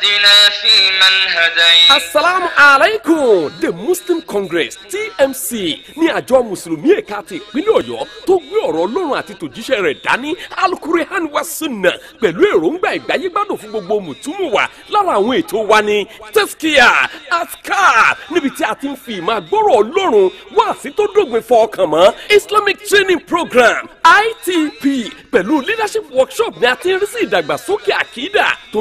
واهدنا asalaamu alaikum the muslim congress tmc ní àjọ mùsùlùmí ẹ̀ka ti ìpínlẹ̀ ọ̀yọ́ tó gbé ọ̀rọ̀ ọlọ́run àti tòjíṣẹ́ rẹ̀ dání alukurihan wa sunna pẹ̀lú èròǹgbà ìgbáyégbádùn fún gbogbo mùtúmù wa lára àwọn ètò wa ní tẹ́síkìá askar níbi tí a ti ń fi ìmọ̀ àgbọ̀rọ̀ ọlọ́run wá sí tó dògbìn fọkàn mọ́ islamic training program itp pẹ̀lú leadership workshop ni a ti ń rí sí ìdàgbàsókè àkídà tó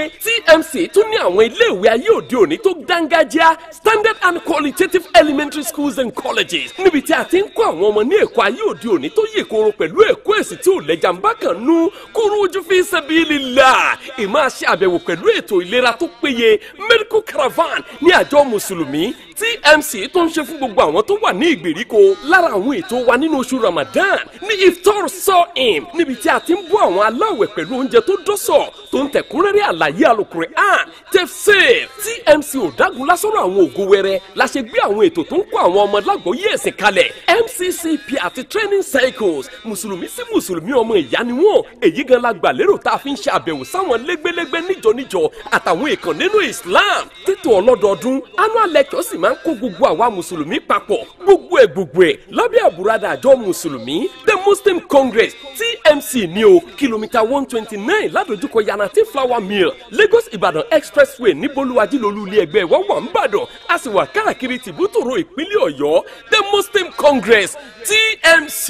pé TMC tún ní àwọn iléèwé ayé òde òní tó dángájá standard and qualitative elementary schools and colleges níbi tí a ti ń kọ́ àwọn ọmọ ní ẹ̀kọ́ ayé òde òní tó yè koro pẹ̀lú ẹ̀kọ́ èsì tí ò lẹ́jà ń bá kàn nú kúrú ojú fi sabilillah ìmáa ṣe àbẹ̀wò pẹ̀lú ètò ìlera tó péye medical caravan ní àjọ mùsùlùmí TMC tó ń ṣe fún gbogbo àwọn tó wà ní ìgbèríko lára àwọn ètò wa nínú oṣù Ramadan ní iftar sọ́ọ̀m níbi tí a ti ń bọ́ àwọn aláwẹ̀ pẹ̀lú oúnjẹ tó dọ́sọ̀ tó ń tẹ̀kúnrẹ́rẹ́ àlàyé alukur'an tefsir TMC ò dágun lásọ̀rọ̀ àwọn ògo wẹrẹ la ṣe gbé àwọn ètò tó ń kó àwọn ọmọ lágbóyè ẹ̀sìn kalẹ̀ MCCP àti training cycles mùsùlùmí sí mùsùlùmí ọmọ ìyá ni wọ́n èyí gan la gbà lérò tá a fi ń ṣe àbẹ̀wò sáwọn lẹ́gbẹ́lẹ́gbẹ́ níjọ níjọ àtàwọn ìkànnínú Islam títò ọlọ́dọọdún annual lecture sì má máa ń kó gbogbo àwa mùsùlùmí papọ̀ gbogbo ẹ̀ gbogbo ẹ̀ lábẹ́ àbúradà àjọ mùsùlùmí the muslim congress tmc ní o kìlómítà one twenty nine ládojúkọ yanati flour mill lagos ìbàdàn expressway níbolúwájú lolú ilé ẹgbẹ́ wa wà ń bàdàn a sì wà káàkiri tìbútòrò ìpínlẹ̀ ọ̀yọ́ the muslim congress tmc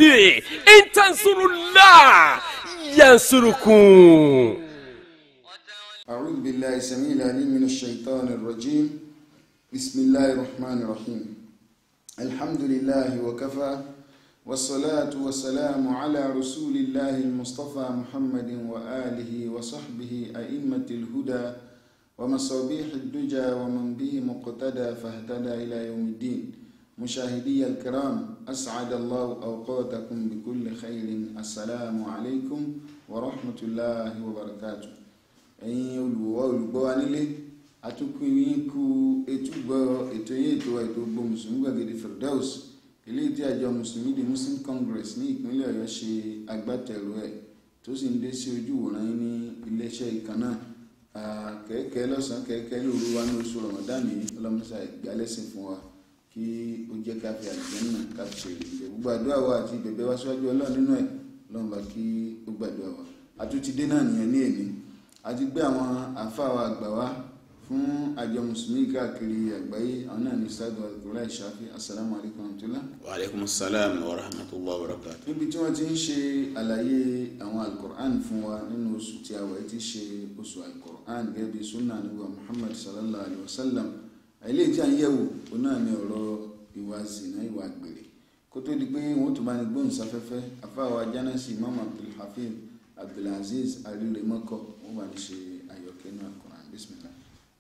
intansurula yansurukun. أعوذ بالله السميع العليم من الشيطان الرجيم بسم الله الرحمن الرحيم الحمد لله وكفى والصلاة والسلام على رسول الله المصطفى محمد وآله وصحبه أئمة الهدى ومصابيح الدجى ومن به مقتدى فاهتدى إلى يوم الدين مشاهدي الكرام أسعد الله أوقاتكم بكل خير السلام عليكم ورحمة الله وبركاته أي أيوة أولو atukun yín ku etúgbọ́ ètò yín ètò àìdógbò mùsùlùmí gbàgede Firdaus eléyìí tí àjọ mùsùlùmí the Muslim Congress ní ìpínlẹ̀ Ọ̀yọ́ ṣe agbátẹrù ẹ̀ tó sì ń dé sí ojú wòran yín ní iléeṣẹ́ ìkan náà kẹ̀kẹ́ lọ́sàn-án kẹ̀kẹ́ lóru wa ní oṣù Ramadan yìí ọlọ́mọṣà ìgbàlẹ́sìn fún wa kí ó jẹ́ ká fi àlùjànnà ká fi ṣe ìrìnlẹ̀ gbogbo àdúrà wa àti ìbẹ̀bẹ̀ wa síwájú Ọlọ́run nínú ẹ̀ Ọlọ́run kí ó gbàdúrà wa àtúntí dé náà nìyẹn ní èmi àti gbé àwọn àáfàá wa àgbà wa fún àjọ mùsùlùmí káàkiri àgbáyé àwọn náà ní sádọ àgbọlá ìṣáfi asalaamu alaykum rahmatulah. wa aleykum salaam wa rahmatulah wa barakatuh. níbi tí wọ́n ti ń ṣe àlàyé àwọn alukur'an fún wa nínú oṣù tí a wáyé ti ṣe oṣù alukur'an gẹ́gẹ́ bí sunna nígbà muhammad sallallahu alayhi wa sallam àìlè tí a ń yẹ̀wò òun náà ní ọ̀rọ̀ ìwà zina ìwà àgbèrè kó tó di pé wọ́n tó bá ní gbóhùn sáfẹ́fẹ́ afáwa jánásì imam abdulhafiz abdulaziz aliremako wọ́n bá ní ṣe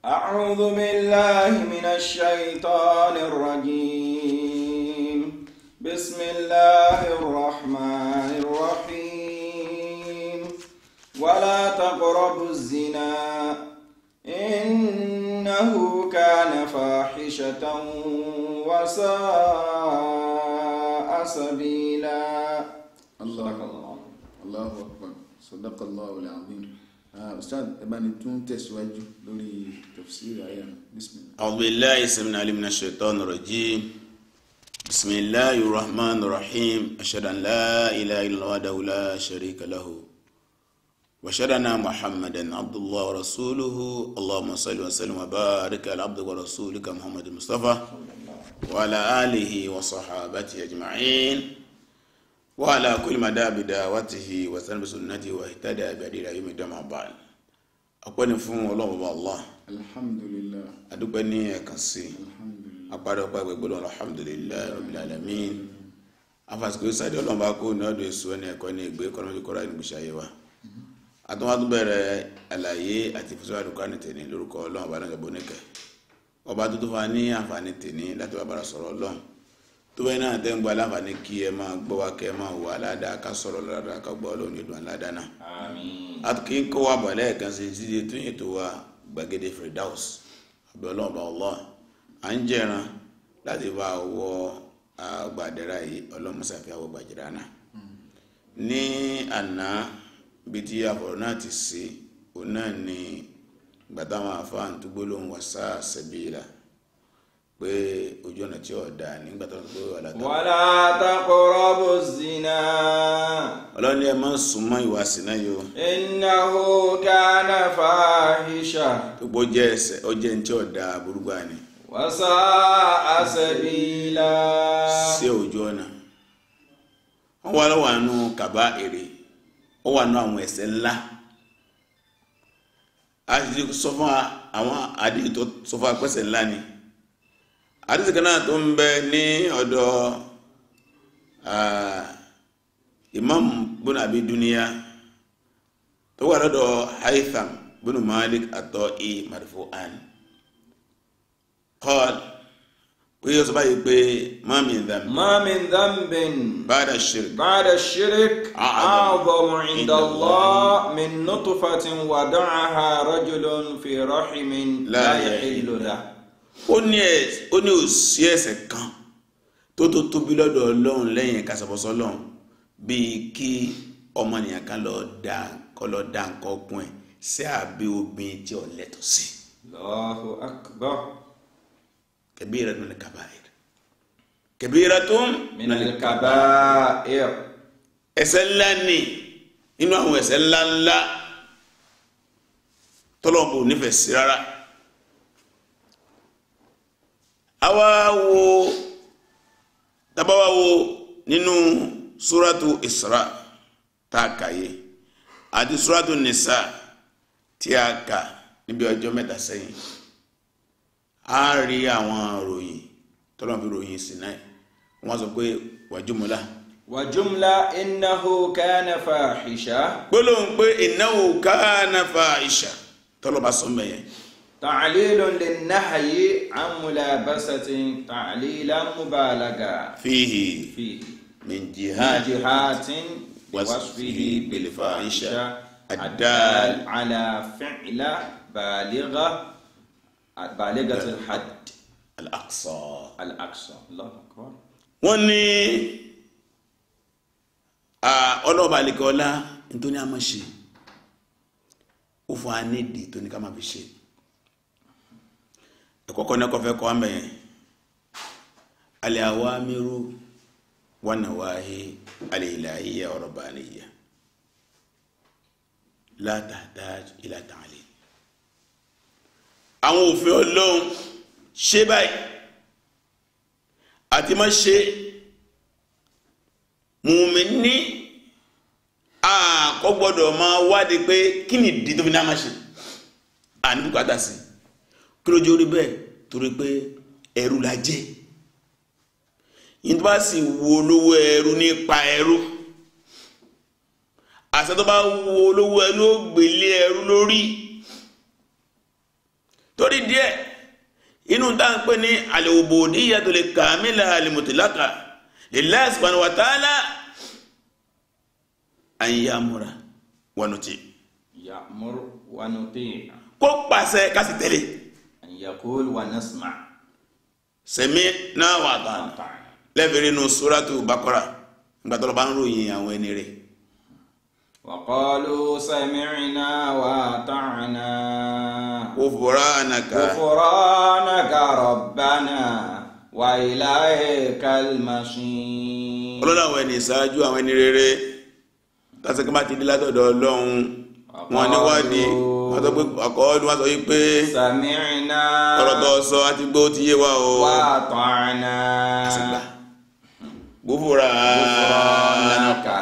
أعوذ بالله من الشيطان الرجيم بسم الله الرحمن الرحيم ولا تقربوا الزنا إنه كان فاحشة وساء سبيلا الله أكبر الله أكبر صدق الله العظيم أستاذ بانتون تسواج بسم الله علي من الشيطان الرجيم بسم الله الرحمن الرحيم أشهد أن لا إله إلا الله وحده لا شريك له وأشهد أن محمدا عبد الله ورسوله اللهم صل وسلم وبارك على عبدك ورسولك محمد المصطفى وعلى آله وصحابته أجمعين وعلى كل مدى بدعوته وسلم بسنته واهتدى بهديه الى يوم الدين بعد ọpẹ́ ni fún Ọlọ́run ọba allah alhamdulillah adúpẹ́ ní ẹ̀kan sí apáda ọpẹ́ gbẹgbẹrún alhamdulillah rabbil alamin afasikò sáde Ọlọ́run bá kó ní ọdún èso ẹni ẹ̀kọ́ ní ìgbé kọlọmọdé kọlá ní gbèsè ayé wa àtúwádú bẹ̀rẹ̀ àlàyé àti ìfúsọwádìí àdúgbò àni tèmi lórúkọ Ọlọ́run ọba náà gbẹbọ níkẹ ọba tuntun fa ní àǹfààní tèmi láti wà bára sọ̀rọ̀ Ọlọ́run tó bẹ́ẹ̀ náà tẹ́ ń gba aláǹfààní kí ẹ máa gbọ́ wa kẹ́ ẹ máa wà ládàá ká sọ̀rọ̀ ládàá ká gbọ́ lóun ní ìdùn ládàá náà. a kì í kó wa bọ̀ lẹ́ẹ̀kan sí títí tún ètò wa gbàgede Firdaus abẹ́ọ́lọ́run bá à ń jẹran láti bá wọ àgbàdẹ́ra yìí ọlọ́mọsàfẹ́ àwọn gbàjẹ́ra náà. Hmm. ní àná bí tí àbọ̀rọ̀ náà ti sí òun náà ni gbàtà máa fa àǹtúgbó lóhun wà sáà sẹ́bí pé ojú ọ̀nà tí ọ̀dà nígbà tó ń pè wà látọ̀. wàlá taqrabu zina. ọlọ́ni ẹ máa ń súnmọ́ ìwà sínà yìí o. innahu kana fahisha. gbogbo jẹ́ ẹsẹ̀ ọjẹ́ ní tí ọ̀dà burúkú àná. wàsá àṣẹbílà. sí ojú ọ̀nà. wọ́n wá lọ́wọ́ àánú kàbá èrè ó wà nú àwọn ẹ̀ṣẹ̀ ńlá. a ti sọ fún àwọn àdéhùn tó sọ fún apẹ́sẹ̀ ńlá ni àdìsí kan náà tó ń bẹ ní ọ̀dọ̀ imam bin abi duniya tó wà lọ́dọ̀ haitham bin malik at-ta'i marfu'an qal pé yóò sọ báyìí pé ma min dhanbin. ma min dhanbin. ba'da shirk. ba'da shirk. a'zamu inda Allah min nutfatin wada'aha rajulun fi rahimin la yahillu lahu ó ní òsì ẹ̀ṣẹ̀ kan tó tó tóbi lọ́dọ̀ ọlọ́run lẹ́yìn kásọ̀bọ̀sọ́ ọlọ́run bíi kí ọmọnìyàn kan lọ da kọ́ lọ da nǹkan ọkùn ẹ̀ sí àbí obìnrin tí ò lẹ́tọ̀ sí. Allahu akbar. Kabira min al-kabair. Kabiratun min al-kabair. ẹ̀ṣẹ̀ ńlá ni inú àwọn ẹ̀ṣẹ̀ ńlá ńlá tọ́lọ́bù nífẹ̀ẹ́ sí rárá àwa wo tabawa wo nínú suratu Isra tá a kà yé àti suratu Nisa tí a kà níbi ọjọ́ mẹ́ta sẹ́yìn a rí àwọn ròyìn tọ́lọ́n fi ròyìn sí náà wọ́n sọ pé wàjúmọ́lá. wàjúmọ́lá innahu kana fahisha. gbólóhùn pé innahu kana fahisha tọ́lọ́ bá sọ mẹ́yẹn. تعليل للنهي عن ملابسة تعليلا مبالغا فيه فيه من جهات جهات وصفه بالفاحشة الدال على فعل بالغة بالغة الحد الأقصى الأقصى الله أكبر wọ́n ní ọlọ́ọ̀bà àlekọ́lá nítorí àmọ́ ṣe ó fún wa ká máa fi ṣe ẹ̀kọ́kọ́ náà kọfẹ́ kọ́ àmẹ́ yẹn al-awamiru wan-nawahi wa rabbaniyya la tahtaj ila ta'lim àwọn òfin ọlọ́run ṣe báyìí àti má ṣe mùmíní àkọ́gbọ́dọ̀ máa wádìí pé kí nìdí tó fi náà má ṣe àníbùkátà sí kí ló jẹ́ orí bẹ́ẹ̀ torí pé ẹrú la jẹ́ yìí tó bá sì wo olówó ẹrú nípa ẹrú àṣẹ tó bá wo olówó ẹrú ó gbélé ẹrú lórí torí díẹ̀ inú dáńpẹ́ ní al-ubudiyyatul kamila al-mutlaqa lillahi subhanahu wa ta'ala an ya'mura wa nuti. ya'mur wa kó pàṣẹ ká yakul wa nasma. sẹ̀mí náà wà tán lẹ́bìrin nu suratu bakora gbàtọ́lọ́ bá ń ròyìn àwọn ẹni rẹ̀. وقالوا سمعنا وأطعنا غفرانك غفرانك ربنا وإليك المصير ọlọ́run àwọn ẹni ìṣáájú àwọn ẹni rere tásìkò bá ti dé látọ̀dọ̀ ọlọ́run wọn níwádìí wọ́n sọ pé ọkọ̀ ọdún wọ́n sọ yí pé sàmìnà ọ̀rọ̀ tó sọ àti gbó ti yé wa o wà á tọ́ àná àsìgbà gbófòrà naka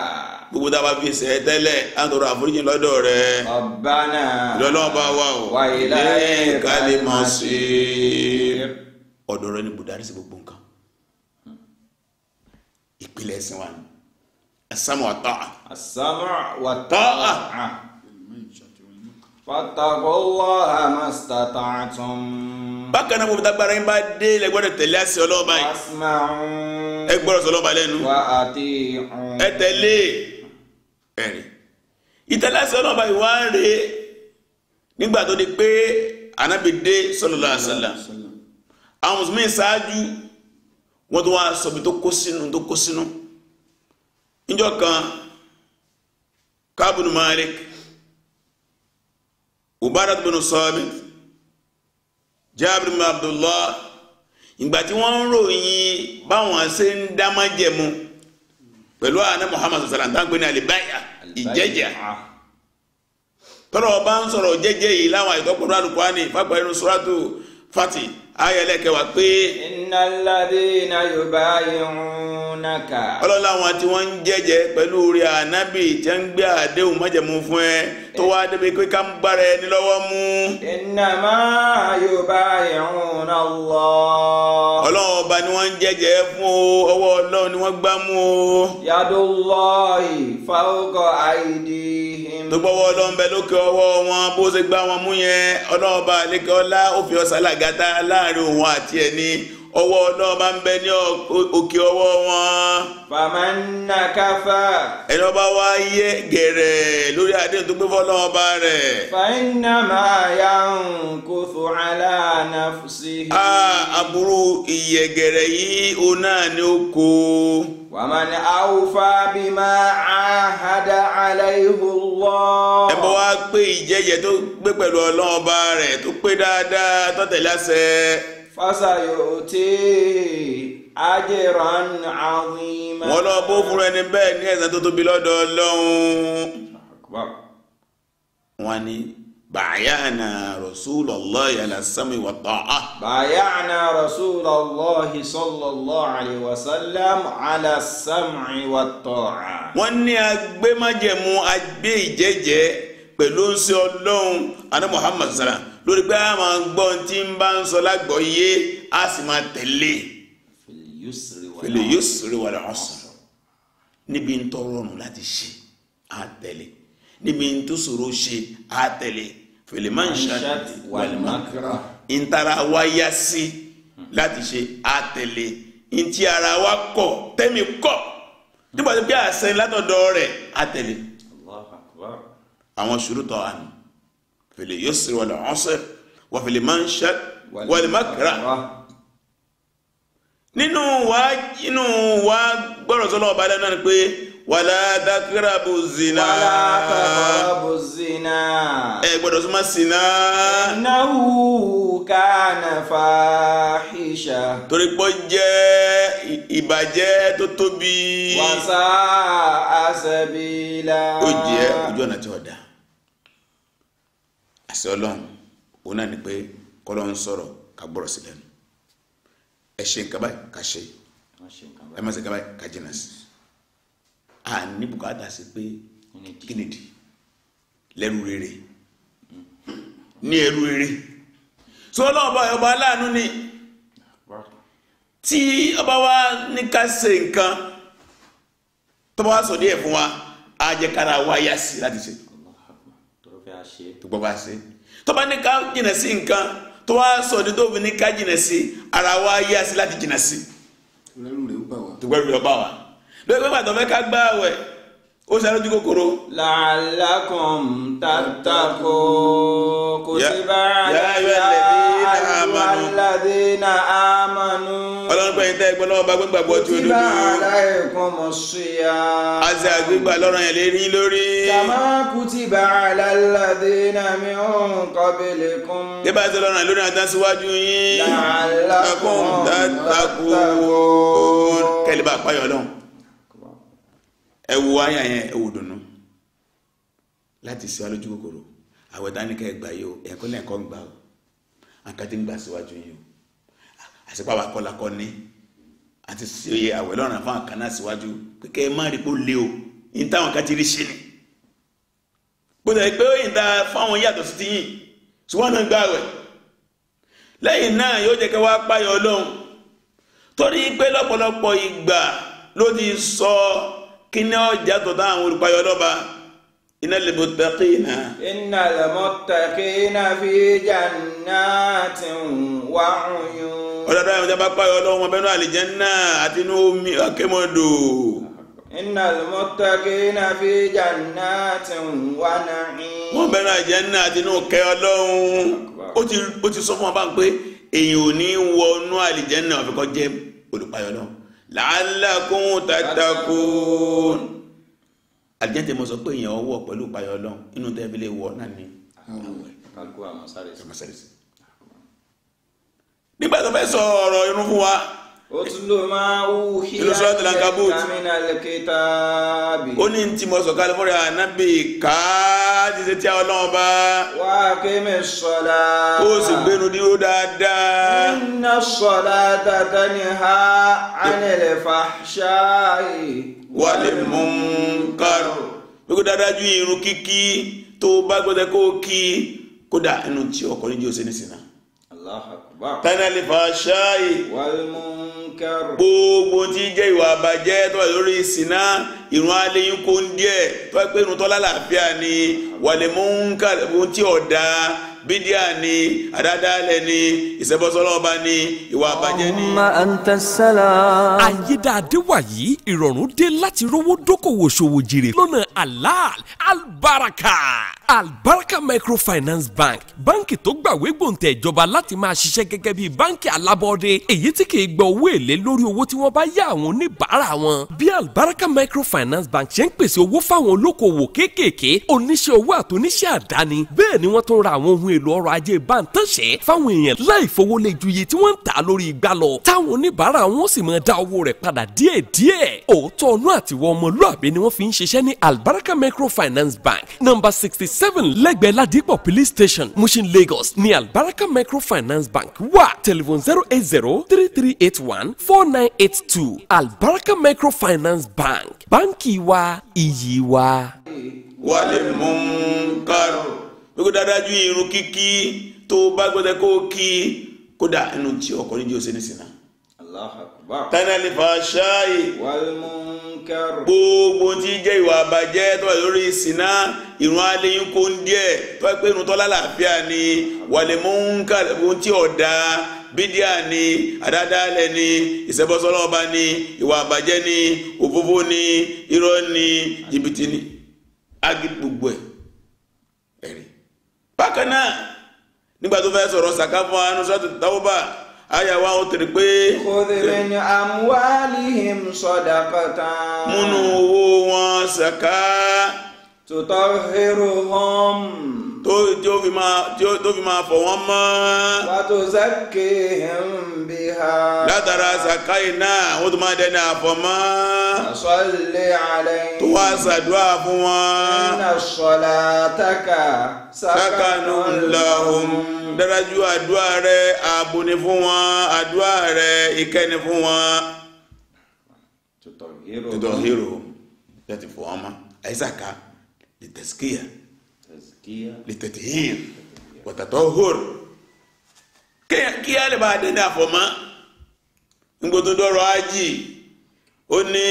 gbogbo dábàá fi ṣe tẹ́lẹ̀ àtọ̀rọ̀ àforíjì lọ́dọ̀ rẹ̀ ọ̀bánà ìlọ́lọ́ọ̀bá wa o wà ilé ìkàlẹ̀ mọ̀ sí ọ̀dọ̀ rẹ̀ ni bùdárí sí gbogbo nǹkan ìpìlẹ̀ ẹ̀sìn wa ni asámọ̀ àtọ́à asámọ̀ àtọ́à fàtàkọ́ wọ́ àmàsítàtà tún. bákan náà mo fi tagbara yín bá dé lẹ́gbọ́dọ̀ tẹ̀lé àṣẹ ọlọ́ọ̀bá yìí. ẹ gbọ́dọ̀ sọ ọlọ́ọ̀bá lẹ́nu. wà á ti hàn. ẹ tẹ̀lé ẹ̀rìn. ìtẹ̀lé yìí wá rèé nígbà tó di pé Ànábì dé sallallahu alaihi àwọn mùsùlùmí ṣáájú wọ́n tó wá sọ̀bi tó kó sínú tó kó sínú. níjọ́ kan Káàbùnú Malik ubarat bin samit jabir bin abdullah ìgbà tí wọ́n ń ròyìn báwọn ṣe ń dá májẹ̀mú pẹ̀lú àná muhammad sallam tá ń pè alibaya ìjẹ́jà tọ́rọ̀ ọba ń sọ̀rọ̀ jẹ́jẹ́ yìí láwọn inú suratu fati ayẹlẹ́kẹwà pé. innal ladhina yubay'unaka. ọlọ́lá àwọn tí wọ́n ń jẹ́jẹ́ pẹ̀lú orí ànábì tí wọ́n ń gbé tó wá débi pé ká ń bára ẹni lọ́wọ́ mú. innama yubayi'una Allah. ọlọ́run ọba ni wọ́n ń jẹ́jẹ́ fún o ọwọ́ ọlọ́run ni wọ́n gbá mú o. yadullahi fawqa aydihim. tó gbọ́wọ́ ọlọ́run bẹ lókè ọwọ́ wọn bó ṣe gbá wọn mú yẹn ọlọ́run ọba àlekẹ́ ọlá ọ̀sán làgàtà láàrin òun àti ẹni ọwọ náà mbẹ ń bẹ ní òkè ọwọ wọn. fàmánà káfà. ẹni ọba wa yẹ gẹrẹ lórí àdéhùn tó gbé fọ́lọ́ ọba rẹ̀. fàínà máa yá nkóso aláàánáfùsì. a aburú gẹrẹ yìí o náà ni ó kó. wàmán awúfà bímá àhádà aláìhùwọ́. ẹ bọ́ wá pé ìjẹ́jẹ́ tó gbé pẹ̀lú ọlọ́ọ̀ba rẹ̀ tó pé dáadáa fasayoti ajiran azima. wọn lọ bó fún ẹni bẹ́ẹ̀ ní ẹ̀san tó tóbi lọ́dọ̀ Ọlọ́run. wọn ni bàyàna rasulallah yàrá sami wa ta'a. bàyàna rasulallah sallallahu alayhi wa sallam ala sami wa ta'a. wọn ní agbẹ́májẹ̀mú agbẹ́ ìjẹ́jẹ́ pẹ̀lú ṣe Ọlọ́run adé muhammad sallam lórí pé a máa gbọ́ ohun tí ń bá ń sọ lágbọ̀ọ́yé a sì máa tẹ̀lé fèlè yóò sèré wà lọ́sàn níbi ń tọrọ ọrùn láti ṣe a tẹ̀lé níbi ń tó ṣòro ṣe a tẹ̀lé fèlè máa ń ṣàtì wà ń tara wá yá sí láti ṣe a tẹ̀lé ń tí ara wa kọ̀ tẹ́mi kọ̀ nígbà tó gbé àṣẹ látọ̀dọ̀ rẹ̀ a tẹ̀lé àwọn ṣòro tọ́ àná fil yusri wal usri wa fil manshad wal makrah nínú wa nínú wa gbọ́dọ̀ sọ́lọ́ ọba lẹ́nu náà pé wàlá takrabu zina. wàlá takrabu zina. ẹ gbọ́dọ̀ súnmọ́ zina. kana fahisha. torí pọ́ jẹ́ tó tóbi. wàsá àṣẹbílà. ó jẹ́ ojú ọ̀nà tí ó dá àṣẹ ọlọ́run òun náà ni pé kọ́lọ́ ń sọ̀rọ̀ ká gbọ́rọ̀ sí lẹ́nu ẹ ṣe nǹkan báyìí ká ṣe ẹ má ṣe nǹkan báyìí ká jìnnà sí a ní bùkátà sí pé kí ni di lẹ́rú rere ní ẹrú rere tí ọlọ́run bá ọba aláàánú ni tí ọba wa ní ká ṣe nǹkan tọ́ba wa sọ díẹ̀ fún wa á jẹ́ kára wa yá sí láti ṣe gbogbo bá ṣe tó bá ní ká jìnà sí nǹkan tó wá sọ ní tóbi ní ká jìnà sí ara wa yá sí láti jìnà sí. tùgbẹ́rù rẹ̀ ó bà wá. tùgbẹ́rù rẹ̀ ó bà wá. lórí pé pàtó fẹ́ ká gbá wẹ̀ ó sáré ojú kòkòrò. làálàkùn tàtàkùn kò sí bá a yára yára lẹ́bí amanu. ọlọ́run pẹ̀lú tẹ́ ẹgbẹ́ lọ́wọ́ bá gbẹ́gbàgbọ́ tí o dúdú. kùtìbà aláìkún mọ̀ síyá. àti àgbégbà lọ́rọ̀ yẹn lérí lórí. kàmá kùtìbà alálàdínà mi ò ń kọ́bílẹ̀ kún. tí bá ti lọ́rọ̀ lórí àtàn síwájú yín. làálàkùn tàkùn kẹ́lẹ́ bá payọ̀ lọ́hùn. ẹ wo àyà yẹn ẹ wò dùnú láti ṣe alójú kòkòrò àwẹ̀dá ní gbà yìí ẹ̀kọ́ lẹ́ẹ̀kọ́ ń gbà o nǹkan tí ń gbà síwájú yìí o àṣepá wa kọ́ la kọ́ ní àti ṣe àwẹ̀ lọ́rùn fún àkànná síwájú kíkẹ́ ẹ má rí kó lé o ní táwọn kan ti rí ṣe ni kó tẹ̀ pé òyìn ta fáwọn yàtọ̀ sí ti yìn ṣùgbọ́n náà gbà wẹ̀ lẹ́yìn náà yóò jẹ́ kẹ́ wá páyọ̀ ọlọ́run torí pé lọ́pọ̀lọpọ̀ ìgbà ló ti sọ kí ní ọjà tó táwọn olùpáyọ̀ ọlọ́ba إن المتقين إن المتقين في جنات وعيون ọlọ́dọ̀ àwọn ìjọba pààyọ ọlọ́run ọbẹ̀ náà àlìjẹ́nà àti inú omi akémọ́dò. Inna al-muttaqina fi jannatin wa na'im. wọ́n bẹ̀rẹ̀ àlìjẹ́nà àti inú kẹ́ ọlọ́run ó ti sọ fún wa bá ń pé èyàn ò ní wọnú àlìjẹ́nà àfikọ́ jẹ́ olùpààyọ náà. la'allakum tattaqun àdìjẹ́tẹ̀ mo sọ pé èèyàn ọwọ́ pẹ̀lú ìpayọ̀ ọlọ́run inú tẹ́ fi lè wọ náà ni. nígbà tó fẹ́ sọ ọ̀rọ̀ irun fún wa. ó tún ló máa wú hí àti ẹ̀ka mi náà lè ó ní ti mọ̀ sọ̀kalẹ̀ fúnra nábì káà ti ṣe tí a ọlọ́run bá. wà á ké mi sọ̀la. kó o sì gbénu dúró dáadáa. iná sọ̀la tata ni ha ánilẹ̀ fa ṣáàyè. wà á lè mú un kárò. gbogbo dáadáa ju irun kíkí tó bá gbọ́dọ̀ kó o kí kódà ẹnu tí ọkọ̀ níjẹ́ òsè ní sinna. Allahu Akbar. tánilẹ̀ ṣáàyè. wà á lè mú un gbogbo tí jẹ́ ìwà àbàjẹ́ tó wà lórí ìsìná ìrun aléyìn kó ń díẹ̀ tó pé ìrun tó lálàáfíà ni wàlẹ̀ mú ń kà tí ọ̀dà bídíà ni àdádálẹ̀ ni ìṣẹ́bọ́sọ́lọ́ọ̀bá ni ìwà àbàjẹ́ ni. ọmọ àǹtẹ sẹ́la. àyédáadé wàyí ìrọ̀rùn dé láti rówó dókòwò ṣòwò jèrè lọ́nà halal albaraka albaraka microfinance bank báǹkì tó gbàwé gbòǹtẹ̀ ìjọba láti máa ṣiṣẹ́ gẹ́gẹ́ bí báǹkì alábọ́ọ́dé èyí tí kì í gba owó èlé lórí owó tí wọ́n bá yá àwọn oníbàárà wọn. bí albaraka microfinance bank ṣe ń pèsè owó fáwọn olókoòwò kéékèèké oníṣẹ́ owó àtoníṣẹ́ àdáni bẹ́ẹ̀ ni wọ́n tún ra àwọn ohun ohun èlò ọrọ̀ ajé bántánṣẹ́ fáwọn èèyàn láì fowó lé ju iye tí wọ́n ń tà lórí igbá lọ táwọn oníbàárà wọn sì máa dá owó rẹ̀ padà díẹ̀díẹ̀ òótọ́ ọ̀nà àtiwọ́ ọmọlúàbí ni wọ́n fi ń ṣiṣẹ́ ní Albaraka Microfinance Bank number sixty seven lẹ́gbẹ̀ẹ́ Ladipo police station Mushin Lagos ní Albaraka Microfinance Bank wà telephone zero eight zero three three eight one four nine eight two Albaraka Microfinance Bank báńkì wa iyì wa. wàlẹ̀ mú un kárò gbogbo dáadájú irun kíkí tó bá gbọ́dọ̀ kó kí kódà inú tí ọkùnrin jẹ́ òsè nísìnyá. tánàlì fàṣáì gbogbo tí jẹ́ ìwà àbàjẹ́ tó wà lórí ìsìná ìrún aléyìn kó ń díẹ̀ tó wà pé irun tó lálàáfíà ni wàlẹ̀ múnkà gbogbo tí ọ̀dà bídíà ni àdádálẹ̀ ni ìṣẹ́bọ́sọ́lọ́ọ̀bá ni ìwà àbàjẹ́ ni òfófó ni irọ́ ni jìbìtì ni agi bákan náà nígbà tó fẹ́ sọ̀rọ̀ sàká fún anú sọ́tù tàwọ́bà ayàwá ó tèrè pé kòdìrìn àmúwálìhìm sọ̀dàkọ̀tàn múnú owó wọn sàká tutahiruhum. tó tó fi máa tó fi máa fọ̀ wọ́n mọ́. watuzakkihim biha. látara sàkáyì náà wọ́n tún máa dẹni àfọ̀mọ́. salli alayhim. tó wá ṣàdúrà fún wọn. inna salataka sakanun lahum. dárájú àdúrà rẹ̀ ààbò ni fún wọn àdúrà rẹ̀ ìkẹ́ ni fún wọn. tutahiruhum. tutahiruhum. láti fọ̀ mọ́ àyíṣà ká. للتزكية تزكية للتطهير وتطهر kí kí á lè bá dẹ́ni àfọ̀mọ́ nígbòtò dọ́rọ̀ ájì ó ní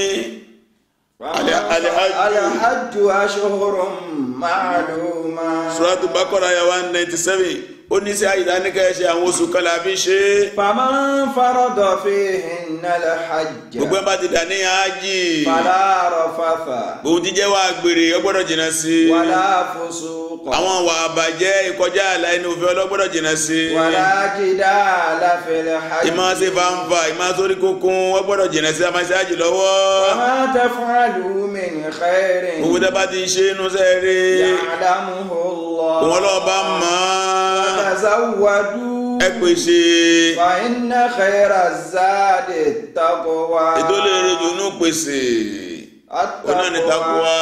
alhajju ashhurun ma'luma. Suratul Baqara ya one ninety seven oníṣẹ́ àyídáníkà ẹ̀ṣẹ̀ àwọn oṣù kan la fi ṣe. faman farada fihinna al-hajj. gbogbo ẹ̀ bá ti dà ní ájì. fala rafatha. òun ti jẹ́ wá gbèrè ọgbọ́dọ̀ jìnnà sí. wala fusuqa. àwọn wà bàjẹ́ ìkọjá àlà inú òfin ọlọ́gbọ́dọ̀ jìnnà sí. wala jidala fil hajj. ìmọ̀ ṣe fanfa ìmọ̀ sórí kúnkún ọgbọ́dọ̀ jìnnà sí àmọ́ ṣáàjì lọ́wọ́. wa ma taf'alu min khairin. gbogbo tazawwadu. ẹ pèsè. fa inna khayra zadi taqwa. ìdólè rojo inú pèsè. onáni taqwa.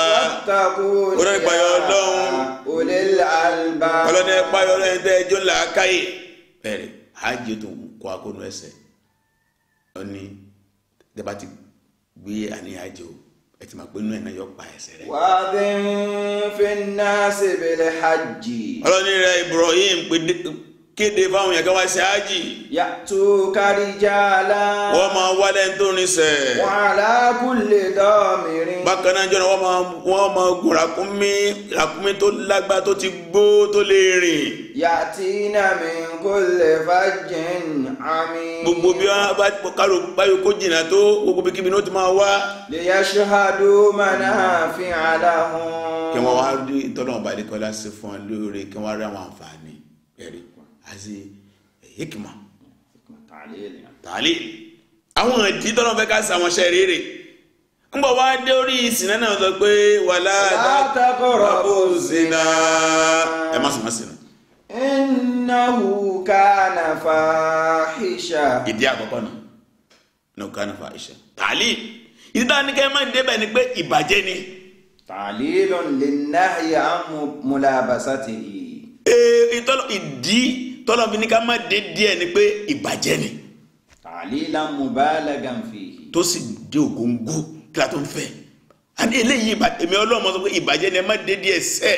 onáni payọ ọlọ́run. ulil albab. ọlọ́ni ẹ payọ ọlọ́run ẹ tẹ́ ẹjọ́ làákàyè. bẹ́ẹ̀ni àjẹ tó kọ́ akónú ẹsẹ̀ ọ ní dẹ́gbà ti gbé àníyànjẹ́ o ẹ ti mọ̀ pé inú ẹ̀ náà yọ pa ẹsẹ̀ rẹ̀. wàá dín fínná síbi lè hajj. ọlọ́ni rẹ̀ Ibrahim pé kéde fáwọn yẹn kí wọ́n ṣe ájì. yàtú kárìjà la. wọ́n máa wálé tó ní sẹ̀. wàhálà kúlè dọ́mìrín. bákan náà jọ́nà wọ́n máa wọ́n máa gùn ràkúnmí ràkúnmí tó lágbá tó ti gbó tó lè rìn. yàtí nàmí kò lè fàjìn àmì. gbogbo bí wọn bá kárò báyò kó jìnnà tó gbogbo bí kíbi ní ó ti máa wá. lè yẹ ṣáàdù màná fi àdá hàn. kí wọ́n wá rí ìtọ́nà ọ̀bàdìkọ́lá sí fún ọ lóore kí wọ́n rí àwọn àǹfààní ẹ̀rí àti hikma tààlíl àwọn ìdí tọ́lọ́ fẹ́ ká sàwọn ṣe rere ń bọ̀ wá dé orí ìsìnà náà sọ pé wala taqrabu zina ẹ má sì má sìnà. innahu kana fahisha. ìdí àkọ́kọ́ náà innahu kana fahisha tààlíl ìdá ni kẹ́ ẹ má débẹ̀ ni pé ìbàjẹ́ ni. ta'lilun linnahi an mulabasatihi. ee ìtọ́lọ́ ìdí tọ́lọ̀ fi ní ká má dé díẹ̀ ni pé ìbàjẹ́ ni. àlílà mubalagan fihi. tó sì dé ògóńgó kí la tó ń fẹ́ àní eléyìí èmi ọlọ́run mọ́ sọ pé ìbàjẹ́ ni ẹ má dé díẹ̀ sẹ́.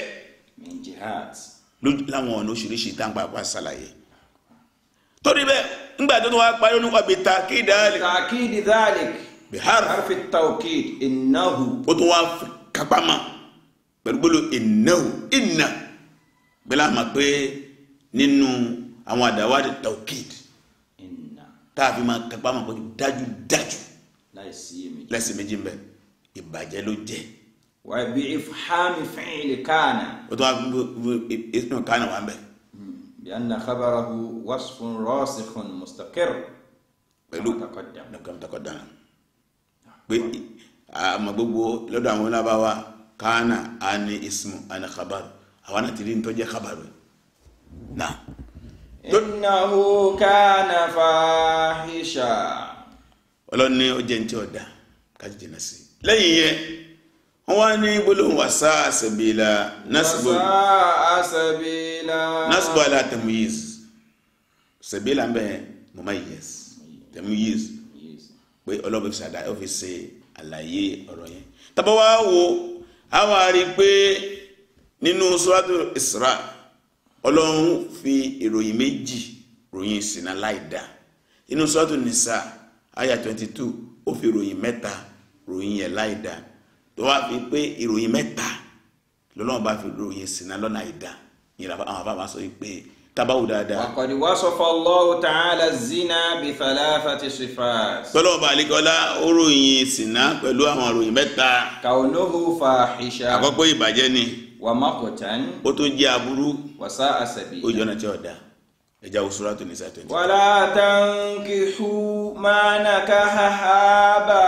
min jihad. láwọn ọ̀nà oṣooṣì tá à ń pa àpá ṣàlàyé. torí bẹ́ẹ̀ ńgbà tó tó wá parí ó ní wà bí takidi dhalik. takidi dhalik. bí harfi tawkid innahu. ó tún wá kápá mọ́ pẹ̀lú gbólóhùn innahu inna gbẹ́lá mọ̀ pé nínú àwọn àdáwà tawkid tá a fi máa kápá máa pọ̀jù dájúdájú láìsí méjì ń bẹ ìbàjẹ́ ló jẹ́. wà á bí ifhami fi'li kana. o tó wá ismu kana wà ń bẹ. Hmm. bí anna khabarahu wasfun rasikhun mustaqir. pẹ̀lú nàkàmtakọ̀dánà ah. pé àmọ́ gbogbo lọ́dọ̀ àwọn olábáwá kana ani ismu ani khabar àwọn àti rí ní tó náà innahu kana fahisha ọlọ́run ní ọjẹ́ ní tí ọ̀dà kájú jìnnà sí lẹ́yìn yẹn wọ́n wá ní gbólóhùn wàsá àṣẹ̀bìlà násìbò àlà tẹ̀mùyíz ṣẹ̀bìlà ń bẹ̀ mọ̀má yíyẹs tẹ̀mùyíz pé ọlọ́gbẹ̀ fi ṣàdá ọ́fíì ṣe àlàyé ọ̀rọ̀ yẹn tàbá wá wo a wá pé nínú suratul Isra' ọlọ́run fi ìròyìn méjì ròyìn ìsìnà láìda inú sọ́ọ̀tù nìsà àyà 22 ó fi ròyìn mẹ́ta ròyìn yẹn láìda tó wá fi pé ìròyìn mẹ́ta lọ́lọ́run bá fi ròyìn ìsìnà lọ́nà àìda ìyẹn àwọn àbábá sọ pé tabawu dáadáa. wàkọ̀dí wá sọ fọlọ́wù zina bí fàlàfà ti sifat. tọ́lọ́wọ́ bá ó ròyìn ìsìnà pẹ̀lú àwọn ròyìn mẹ́ta. kàwọnóhù fàhíṣà. àkọ́kọ́ ìbàjẹ́ ni wà má kò tán. ó tún jẹ́ aburú. wà sá àṣàbí. ó jọ́nà tí ò da ẹja wo sura tó ní sáà twenty. wàlá tankihu máa nà ká haha bá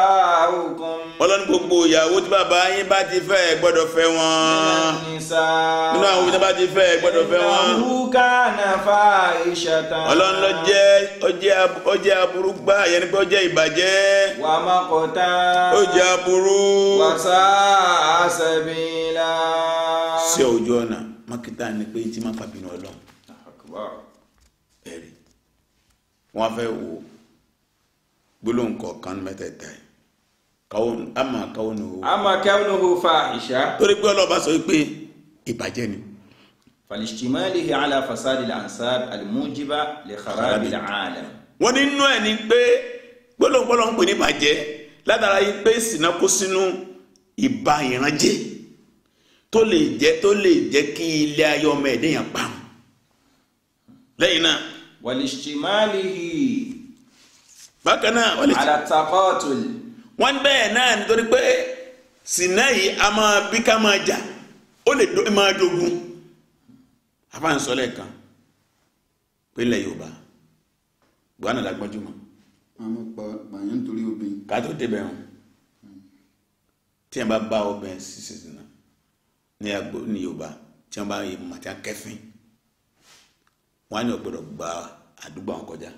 òkun. ọlọ́ni gbogbo ìyàwó tí bàbá yín bá ti fẹ́ ẹ gbọ́dọ̀ fẹ́ wọn. nínú àwọn òbí tí bá ti fẹ́ gbọ́dọ̀ fẹ́ wọn. ìnáwó nàfa ìṣàtàn. ọlọ́ni ló jẹ́ ó aburú gbá yẹn ni pé ó wà á má tán. ó aburú. wà sá àṣẹ bíi sí ojú ọ̀nà mákítà ni pé tí máa fàbínú ọlọ́run ẹ̀rí wọ́n fẹ́ wò gbólóhùn kọ̀ọ̀kan mẹ́tẹ̀ẹ̀ta yìí ama kawunuhu. ama kawunuhu fahisha. torí pé ọlọ́ba sọ pé ìbàjẹ́ ni. فلاشتماله على فساد الأنساب الموجبة لخراب العالم wọ́n ní inú ẹ̀ ni pé gbọ́lọ́gbọ́lọ́ ń pè ní bàjẹ́ látara yìí pé ìsìnà sínú ìba ìrànjẹ́ tó lè jẹ́ tó lè jẹ́ kí ilé ayé ọmọ ẹ̀dẹ́yàn pam lẹ́yìn náà. wàlìṣìmáàlìhì. bákan náà wàlìṣìmáàlìhì. àlàtàkọ́ọ̀tù. wọ́n bẹ́ẹ̀ náà nítorí pé sinna yìí a máa bí ká máa jà ó lè máa dogun afáǹsọ́lẹ̀ kan pínlẹ̀ yorùbá gbọ́nà lágbọ́júmọ́. àwọn pààyàn nítorí obìnrin. ká débẹ̀ hàn tí ẹ bá bá obìnrin sísè sí náà ní agbo ní yorùbá tí wọn bá yẹ mọ̀tá kẹfín wọn á ní ọ̀gbọ́dọ̀ gba àdúgbò àwọn kọjá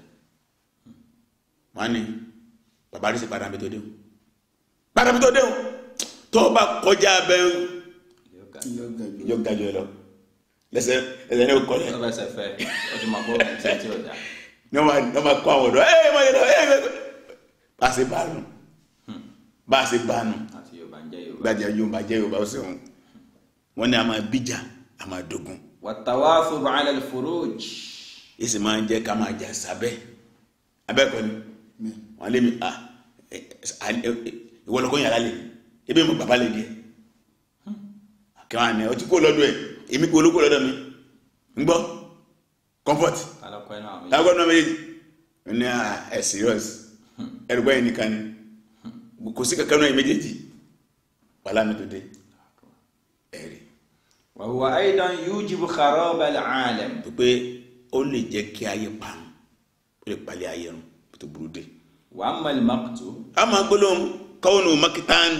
wọn á ní bàbá rí sí padà mi tó dé o padà mi tó dé o tó o bá kọjá abẹ o yóò gajọ lọ lẹsẹ ẹsẹ ní o kọ lẹ. ọlọsẹ fẹ ọdún máa bọ ṣe tí o dá. ní wọn máa kọ àwọn ọ̀dọ́ ẹ ẹ máa yẹ lọ ẹ ẹ bá a ṣe bá a nù hmm. bá a ṣe bá a nù gbàdé yorùbá jẹ yorùbá ó sì hàn wọ́n ní a máa bíjà a máa dogun. wàtàwáfù ala al-furuj. èsì máa ń jẹ́ ká máa jà sábẹ́ abẹ́kọ̀ ni wọ́n lé mi ìwọ lọ́kọ́ yàrá lè ebi mo bàbá lè jẹ hmm. kí wọ́n á ní ọtí kó lọ́dọ̀ ẹ̀ èmi kó olóko lọ́dọ̀ mi ń gbọ́ comfort lágbọ́n náà méjì ní ẹ serious hmm. ẹrù gbọ́ yẹn nìkan ni kò sí kankan náà méjèèjì wàhálà mi tó dé wàhùwà aidan yujibu kharabal alam. pípé ó lè jẹ́ kí ayé parun ó lè palẹ̀ ayé run tó burú dé. wà á mọ̀lì makutu. a máa gbọ́dọ̀ kọ́wọ́nù makitan.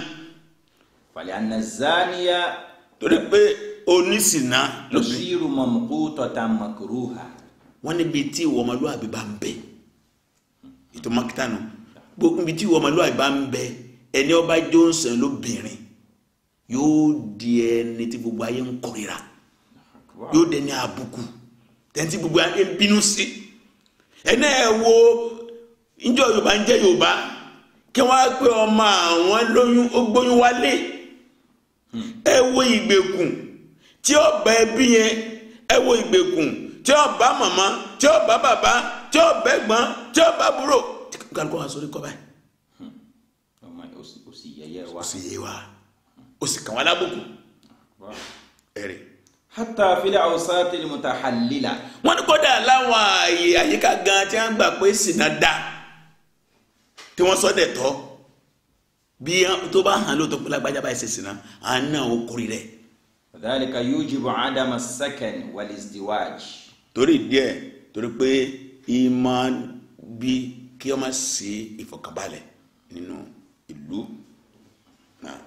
falẹ̀ anazaniya. torí pé onísìnà. lọ́sírù mọ̀mùkú tọ̀tà makruha. wọ́n níbi tí ìwọ́mọlúwàbí bá ń bẹ̀ ètò makitan nù gbogbo ibi tí ìwọ́mọlúwàbí bá ń bẹ̀ ẹni ọba Johnson lóbìnrin yóò di ẹni tí gbogbo ayé ń kórira yóò dẹni àbùkù tẹ́ntì gbogbo ayé ń bínú sí ẹ̀nà ẹ̀ wo níjọ́ yorùbá ń jẹ́ yorùbá kí wọ́n á pé ọmọ àwọn lóyún ó gbóyún wálé ẹ wo ìgbèkùn tí ó bá ẹbí yẹn ẹ wo ìgbèkùn tí ó màmá tí ó bàbá tí ó bá tí ó bá búrò kálukọ́ wa sórí kọ́ báyìí. Hmm. ó sì yẹ wa ó sì kàn wá lábùkù ẹ̀rẹ̀. hátà fílẹ̀ haúsá tẹ̀lé mu ta halila. wọ́n ní kódà láwọn ààyè àyíká gan tí wọ́n gbà pé sìnà dá tí wọ́n sọ dẹ̀ tọ́ bí tó bá hàn lóòótọ́ pé lágbájá báyìí ṣe sìnà àánú náà ó kórè rẹ̀. ذلك يوجب عدم السكن والازدواج torí díẹ̀ torí pé ìmọ̀ bí kí ọmọ sí ìfọ̀kànbalẹ̀ nínú ìlú náà.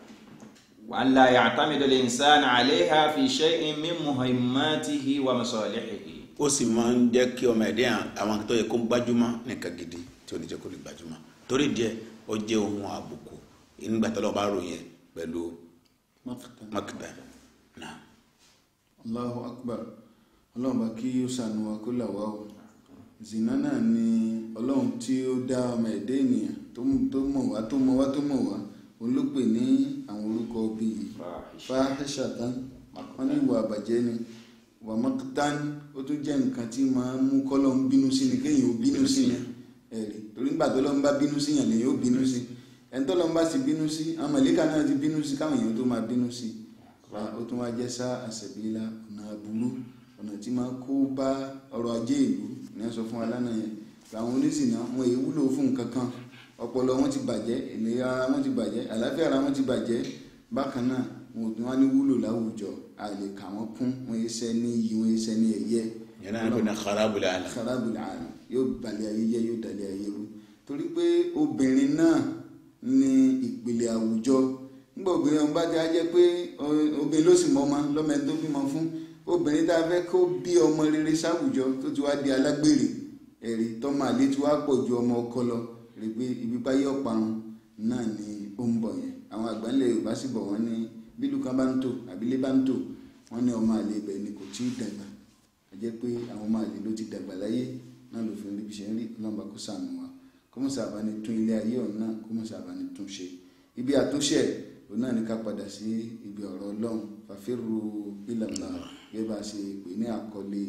وأن لا يعتمد الإنسان عليها في شيء من مهماته ومصالحه. muhimmatihi wa masalihihi. ó sì máa ń jẹ́ kí ọmọ ẹ̀dẹ́ àwọn tó yẹ kó gbajúmọ̀ nìkan gidi tí ò ní jẹ́ kó lè gbajúmọ̀ torí díẹ̀ ó jẹ́ ohun àbùkù nígbà tó lọ́ọ́ bá ròyìn pẹ̀lú mọ́kìtà náà. Allahu akbar ọlọ́run bá kí ó ṣàánú wa kó là wá o zina náà ni ọlọ́run tí ó dá ọmọ ẹ̀dẹ́ ènìyàn tó mọ̀ wá tó mọ̀ wá tó mọ̀ wá olóògbé ní àwọn orúkọ bíi fáhíṣàtán wọ́n ní ìwà àbàjẹ́ ni ìwà mọ́kítán ó tún jẹ́ nǹkan tí máa ń mú kọ́lọ́ ń bínú sí ni kéèyàn ó bínú sí ni ẹ̀rí torí nígbà tó lọ́n bá bínú sí yàn lèyàn ó bínú sí ẹni tó lọ́n bá ti bínú sí àwọn màlíkà náà ti bínú sí káwọn èèyàn tó máa bínú sí ó tún wá jẹ́ sá àṣẹ̀bílá ọ̀nà àbúrú ọ̀nà tí máa kó bá ọrọ̀ ajé ìlú ní wọ́n sọ fún wa yẹn làwọn oníṣìnà wọn èyí wúlò fún nǹkan kan ọpọlọ wọn ti bàjẹ́ ìlera ara wọn ti bàjẹ́ àlàáfíà ara wọn ti bàjẹ́ bákan náà wọn ò ní wọn ní wúlò láwùjọ àlè kà wọn kún wọn yé sẹ ní iyì wọn yé sẹ ní ẹyẹ. yẹn náà kò ní xarabula àlà. xarabula àlà yóò balẹ̀ ayé jẹ́ yóò dalẹ̀ ayé rú torí pé obìnrin náà ní ìpìlẹ̀ àwùjọ nígbà obìnrin ọ̀hún bá ti á jẹ́ pé obìnrin ló sì mọ ọmọ lọ́mọ tó bímọ fún obìnrin tá a fẹ́ kó bí ọmọ rere sáwùjọ tó ti wá di alágbèrè ẹ̀rí tọ́mọ àlè wá pọ̀ ju ọmọ ọkọ lọ rí pé ibi ọ̀parun náà ni ó ń bọ̀ yẹn àwọn àgbà ńlẹ̀ Yorùbá sì bọ̀ wọ́n ní bílù kan bá ń tò àbílẹ̀ bá ń tò wọ́n ní ọmọ àlè ibẹ̀ ni kò tí ì dàgbà a pé àwọn ọmọ àlè ló ti dàgbà láyé náà ló fi rí ṣe ń rí ọlọ́mọba kó sàmù wa kó mọ̀ sàbà ni tún ilé ayé ọ̀hún náà kó mọ̀ sàbà ni tún ṣe ibi àtúnṣe òun náà ni ká padà sí ibi ọ̀rọ̀ Ọlọ́run fàfẹ́rù ìlànà gẹ́gẹ́ bá a ṣe pè ní àkọlé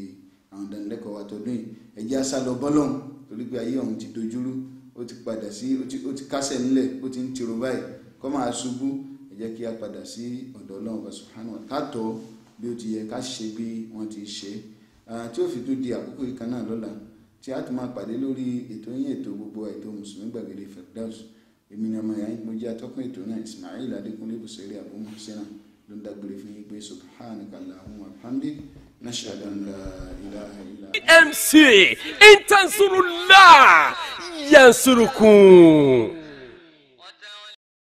àwọn ìdánilẹ́kọ̀ọ́ wa tọdún yìí ẹ̀jẹ̀ àṣà lọ bọ́lọ́hún torí pé ayé ọ̀hún ti dojúrú ó ti padà sí ó ti kásẹ̀ ńlẹ̀ ó ti ń tiro báyìí kó máa ṣubú ẹ jẹ́ kí a padà sí ọ̀dọ̀ ọlọ́run bá subhanahu wa ká tọ́ bí ó ti yẹ ká ṣe bí wọ́n ti ṣe tí ó fi tó di àkókò yìí kan náà lọ́la tí a tún máa pàdé lórí ètò yín ètò gbogbo ètò mùsùlùmí gbàgede Firdaus èmi ni ọmọ ìyá yín mo jẹ́ atọ́kùn ètò náà Ismail Adékúnlé Bùsẹ̀rí Abu Muhsina ló ń dágbére fún yín pé subhanaka Allahumma wa bihamdik نشهد أن لا إله إلا الله. أمسي إن تنصروا الله ينصركم